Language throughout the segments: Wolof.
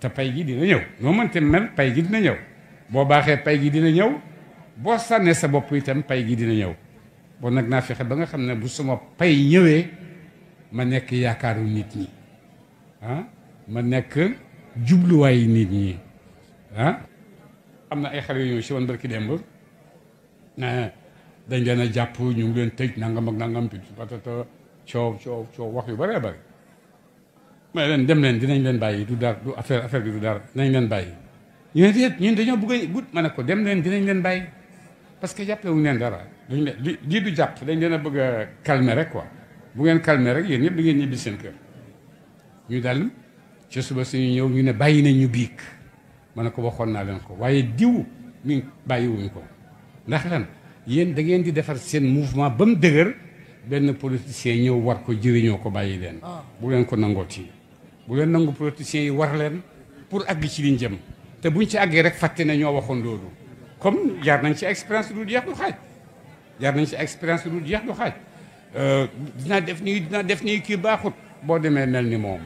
te pay gi dina ñëw moo mënte mel pay gi dina ñëw boo baaxee pay gi dina ñëw boo sànnee sa bopp itam pay gi dina ñëw bon nag naa fexe ba nga xam ne bu suma pay ñëwee ma nekk yaakaaru nit ñi ah, ma nekk jubluwaay nit ñi ah, am na ay xale yu ñëw si woon barki démb dañ leen a jàpp ñu ngi leen tëj nangam ak nangam bi patata coow coow coow wax yu bëree bëri may leen dem leen dinañ leen bàyyi du dara du affaire affaire bi du dara dinañ leen bàyyi ñu ne ñun dañoo bëgg a gudd ma ne ko dem leen dinañ leen bàyyi parce que jàppale wuñ leen dara duñ leen lii du jàpp dañ leen a bëgg a rek ko bu ngeen calmer rek yéen ñëpp da ngeen ñibbi seen kër ñu dal ci suba suñu ñëw ñu ne bàyyi nañ ñu biig ma ne ko waxoon naa leen ko waaye diw mi bàyyiwuñ ko ndax lan yéen da ngeen di defar seen mouvement ba mu dëgër benn politicien ñëw war ko jëriñoo ko bàyyi leen ah. bu leen ko nangooti bu leen nangu politiciens yi war leen pour àgg ci liñ jëm te buñ ci àggee rek fàtte na ñoo waxoon loolu comme jaar nañ ci expérience du jeex du xaaj jaar nañ ci expérience du jeex du xaaj euh, dinaa def nii dinaa def nii kii baaxut boo demee mel ni moom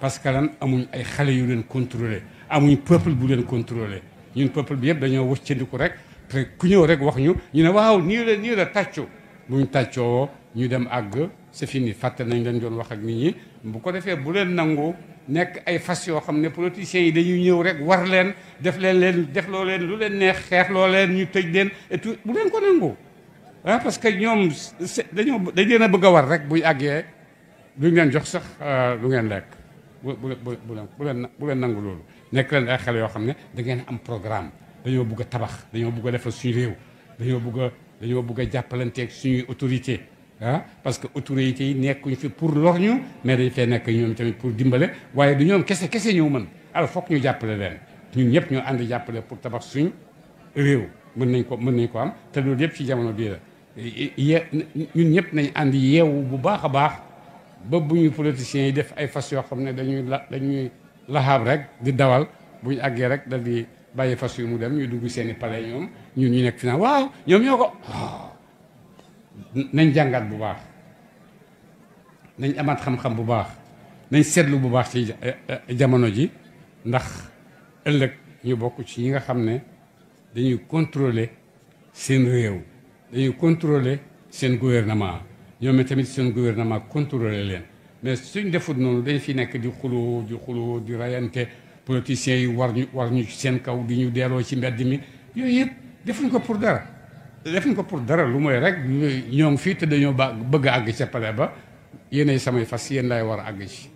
parce que lan amuñ ay xale yu leen contrôler amuñ peuple bu leen contrôler ñun peuple bi yëpp dañoo wëccandiku rek te ku ñëw rek wax ñu ñu ne waaw nii la nii la tàccu buñ tàccoo ñu dem àgg c'est fini fàtte nañ leen doon wax ak nit ñi bu ko defee bu leen nangu nekk ay fas yoo xam ne politiciens yi dañuy ñëw rek war leen def leen leen def loo leen lu leen neex xeex loo leen ñu tëj leen et bu leen ko nangu parce que ñoom dañoo dañ leen a bëgg a war rek buy àggee duñ leen jox sax euh, lu ngeen lekk bu bu bu leen bu leen nangu loolu nekk leen ay xel yoo xam ne da ngeen am programme dañoo bëgg tabax dañoo bugg a defal suñu réew dañoo bëgg dañoo bugg a jàppalanteeg suñuy autorité ah parce que autorités yi nekkuñ fi pour lor ñu mais dañ fee nekk ñoom tamit pour dimbale waaye du ñoom kese kese ñëw mën alors foog ñu jàppale leen ñun ñëpp ñoo ànd jàppale pour tabax suñ réew mën nañ ko mën nañ ko am te loolu yëpp ci jamono bii la ñun ñëpp nañ ànd yeewu bu baax a baax ba bu ñu politiciens yi def ay fas yoo xam ne dañuy la dañuy laxaab rek di dawal bu ñu àggee rek da di bàyyi fas yi mu dem ñu dugg seeni i ñoom ñun ñu nekk fi naan waaw ñoom ñoo ko nañ jàngaat bu baax nañ amaat xam-xam bu baax nañ seetlu bu baax ci ne dañuy contrôler seen réew dañuy contrôler seen gouvernement tamit gouvernement contrôler mais suñ defut noonu dañ fi nekk di xuloo di xuloo di rayante politiciens yi war seen kaw di ñu ci pour dara defuñ ko pour dara lu mooy rek ñoo ngi fii te dañoo ba bëgg a àgg ca pale ba yéenay samay fas yéen lay war a àgg ci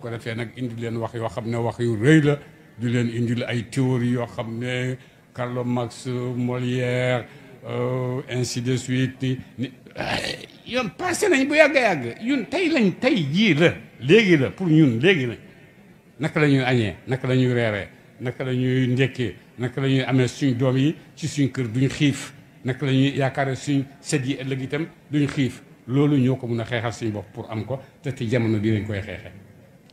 ko defee nag indi leen wax yoo xam ne wax yu rëy la di leen indil ay théorie yoo xam Carlo Marx Molière euh, ainsi de suite ni yoon passé nañ bu yàgg a yàgg ñun tey lañ tey jii la léegi la pour ñun léegi la naka la ñuy añee naka la ñuy reeree naka la ñuy suñ doom yi ci suñ kër duñ xiif naka la ñuy yaakaare suñ set yi ëllëg itam duñ xiif loolu ñoo ko mun a xeexal suñu bopp pour am ko te te jamono bii lañ koy xeexee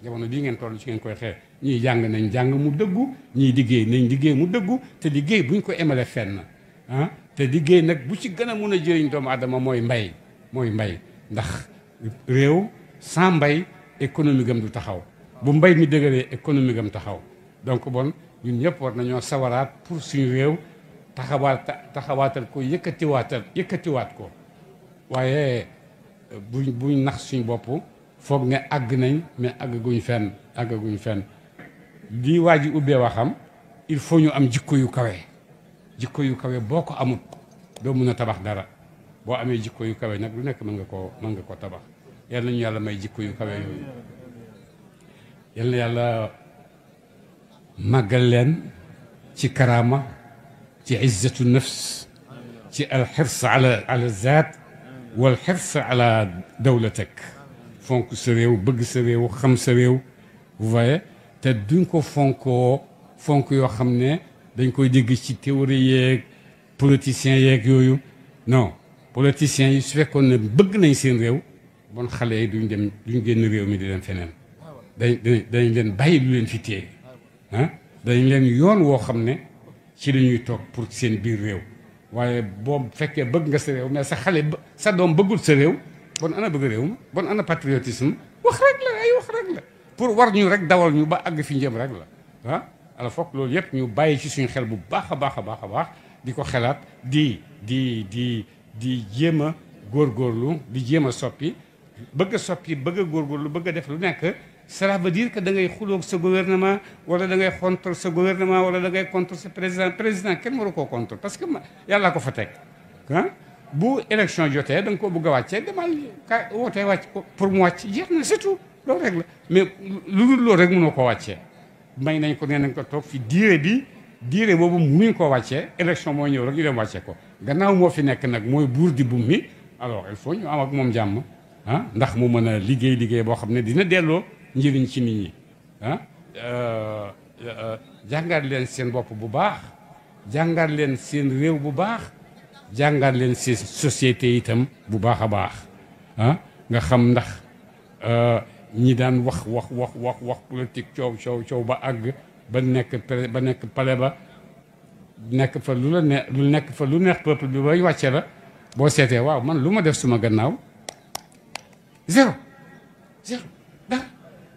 jamono bii ngeen toll ci ngeen koy xeex ñiy jàng nañ jàng mu dëggu ñii liggéey nañ liggéey mu dëggu te liggéey bu buñ ko emale fenn ah te liggéey nag bu ci gën a mun a jëriñ doomu adama mooy mbay mooy mbay ndax réew sans mbay économie gam du taxaw bu mbay mi dëgëree économie gam taxaw donc bon ñun ñëpp war nañoo sawaraat pour suñu réew taxawaat taxawaatal ko yëkkatiwaatal yëkkatiwaat ko waaye eh, buñ buñ nax suñ bopp foog ne àgg nañ mais àggaguñ fenn àggaguñ fenn lii waa ji ubbee waxam il faut ñu am jikko yu kawe jikko yu kawe boo ko amut doo mun a tabax dara boo amee jikko yu kawe nag lu nekk mën nga koo mën nga ko tabax yal nañu yàlla may jikko yu kawe yooyu yal na yàlla màggal ci karaama عزة النفس الحرص على على الذات والحرص على دولتك فونكو سريو بق سريو خم سريو وفاية تدونكو فونكو فونكو يو خمني دينكو يدقى شي تيوري يك بوليتيسيان يك يويو نو بوليتيسيان يسفيه كون بق سين ريو بون خلي دون دم دون جن ريو مي دين فنان دين دين دين باي دين في تيه ها دين لين يون وخمني ci la ñuy toog pour seen biir réew waaye boo fekkee bëgg nga sa réew mais sa xale sa doom bëggul sa réew bon ana bëgg réew ma bon ana patriotisme wax rek la ay wax rek la pour war ñu rek dawal ñu ba àgg fi njëm rek la ah ala foog loolu yëpp ñu bàyyi ci suñu xel bu baax a baax a baax a baax di ko xelaat di di di di jéem a góorgóorlu di jéem a soppi bëgg a soppi bëgg góor góorgóorlu bëgg a def lu nekk cela veut dire que da ngay xuloog sa gouvernement wala dangay ngay contre sa gouvernement wala da ngay contre sa président président kenn waru ko contre parce que yàlla ko fa teg ah bu élection jotee da nga koo bëgg a wàccee demal ka wootee wàcc ko pour mu wàcc jeex na surtout loolu rek la mais lu dul loolu rek mënoo koo wàccee may nañ ko nee nañ ko toog fi diire bi diire boobu muñ koo wàccee élection mooy ñëw rek ñu dem wàccee ko gannaaw moo fi nekk nag mooy buur di bum mi alors il faut am ak moom jàmm ah ndax mu mën a liggéey liggéey boo xam ne dina delloo njëriñ ci nit ñi ah euh, euh, leen seen bopp bu baax jàngaat leen seen réew bu baax jàngaat leen seen société itam bu baax a baax ah, nga xam ndax euh, ñi daan wax wax wax wax wax politique coow coow coow ba àgg ba nekk ba nekk pale ba nekk fa lu la ne nekk fa lu neex peuple bi bay wàcce la boo seetee waaw man lu ma def suma gannaaw zéro zéro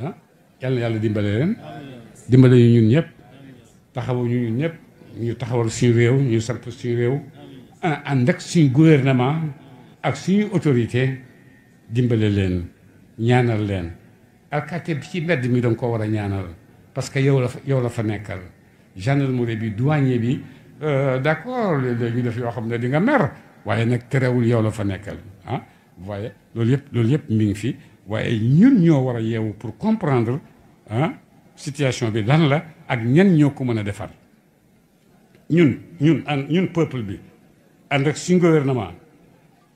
ah yàlla yàlla dimbale leen dimbale ñu ñun ñëpp taxawuñu ñun ñëpp ñu taxawal suñu réew ñu samp suñu réew ah, ànd ak suñu gouvernement ak suñu autorité dimbale leen ñaanal leen alkaate bi ci mbedd mi danga ko war a ñaanal parce que yow la yow la fa nekkal gendarmerie bi douanier bi euh, d'accord ñu def yoo xam ne dinga nga mer waaye nag terewul yow la fa nekkal ah voyez loolu yëpp loolu yëpp mi ngi fi waaye ñun ñoo war a yeewu pour comprendre ah situation bi lan la ak ñan ñoo ko mën a defar ñun ñun an ñun peuple bi ànd ak suñ gouvernement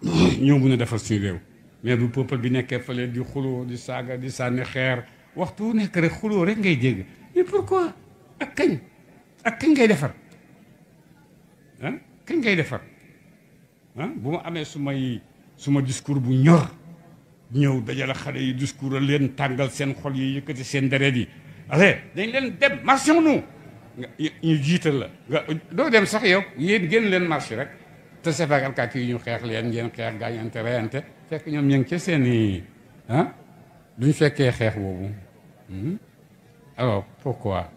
ñoo mën a defar suñu réew mais bu peuple bi nekkee fële di xuloo di saaga di sànni xeer waxtu nekk rek xuloo rek ngay dégg mais pourquoi ak kañ ak kañ ngay defar ah kañ ngay defar ah bu ma amee su may suma discours bu ñor ñëw dajale xale yi discours leen tangal seen xol yi yëkkati seen deret yi allez dañ leen dem marché nu ñu jiital la nga doo dem sax yow yeen génn leen marché rek te sefagalkat yi ñu xex leen ngeen xeex gaañante reyante fekk ñom ñing ci ca seen i ah duñ fekkee xeex boobu hmm? alors pourquoi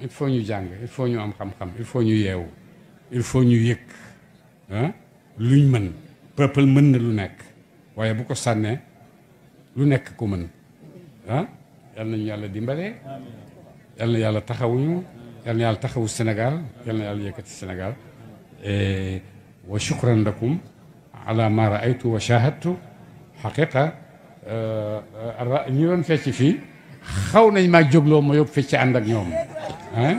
il faut ñu jàng il faut ñu am xam-xam il faut ñu yeewu il faut ñu yëg ah luñ mën peuple mën na lu nekk waaye bu ko sànnee lu nekk ku mën ah yàlla nañu yàlla dimbale yal na yàlla taxawuñu yal na yàlla taxawu Sénégal yàlla na yàlla yëkkati Sénégal wa shukran lakum ala ma raaytu wa shahadtu xaqiqa ñu doon fecc fii xaw nañ maa jógloo ma yóbbu fecc ànd ak ñoom ah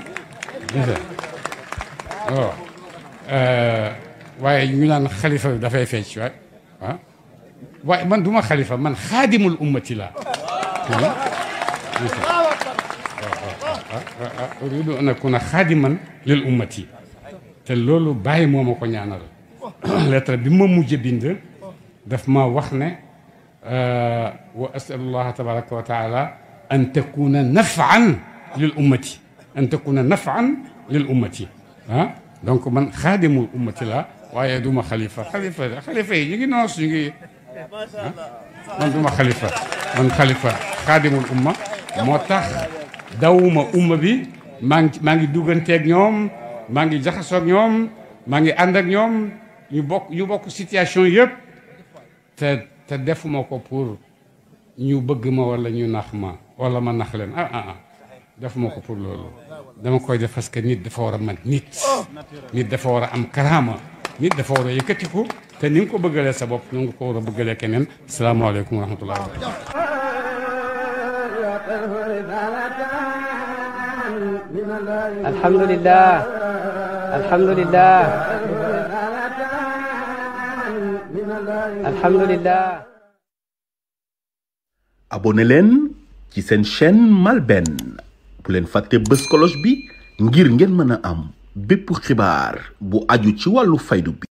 waaye ñu naan xalifa dafay fecc waay ah ومن دوما خليفه من خادم الامه لا اريد ان اكون خادما للامه تلولو باي مو كو نيانال لتر بما موجي بيند داف ما واخني آه، واسال الله تبارك وتعالى ان تكون نفعا للامه ان تكون نفعا للامه ها آه، دونك من خادم الامه لا واي دوما خليفه خليفه خليفه يجي نوص يجي من دوما خليفة من خليفة خادم الأمة موتاخ دوما أمة بي مانجي دوغن تيك نيوم مانجي جخصوك نيوم مانجي أندك نيوم يبوك يبوك سيتياشون يب ت تدفو موكو بور ني بغ ما ولا ني ناخ ما ولا ما ناخ لين اه اه داف موكو بور لولو داما كوي داف باسكو نيت دافا ورا مان نيت نيت دافا ورا ام كرامه نيت دافا ورا يكتيكو te ni nga ko bëggalee sa bopp noonu nga ko war a bëggalee keneen salaamaaleykum wa rahmatullah alhamdulilah alhamdulilah alhamdulilah abonné leen ci seen chaîne MALBN bu leen fàtte bës cloche bi ngir ngeen mën a am bépp xibaar bu aju ci wàllu faydu bi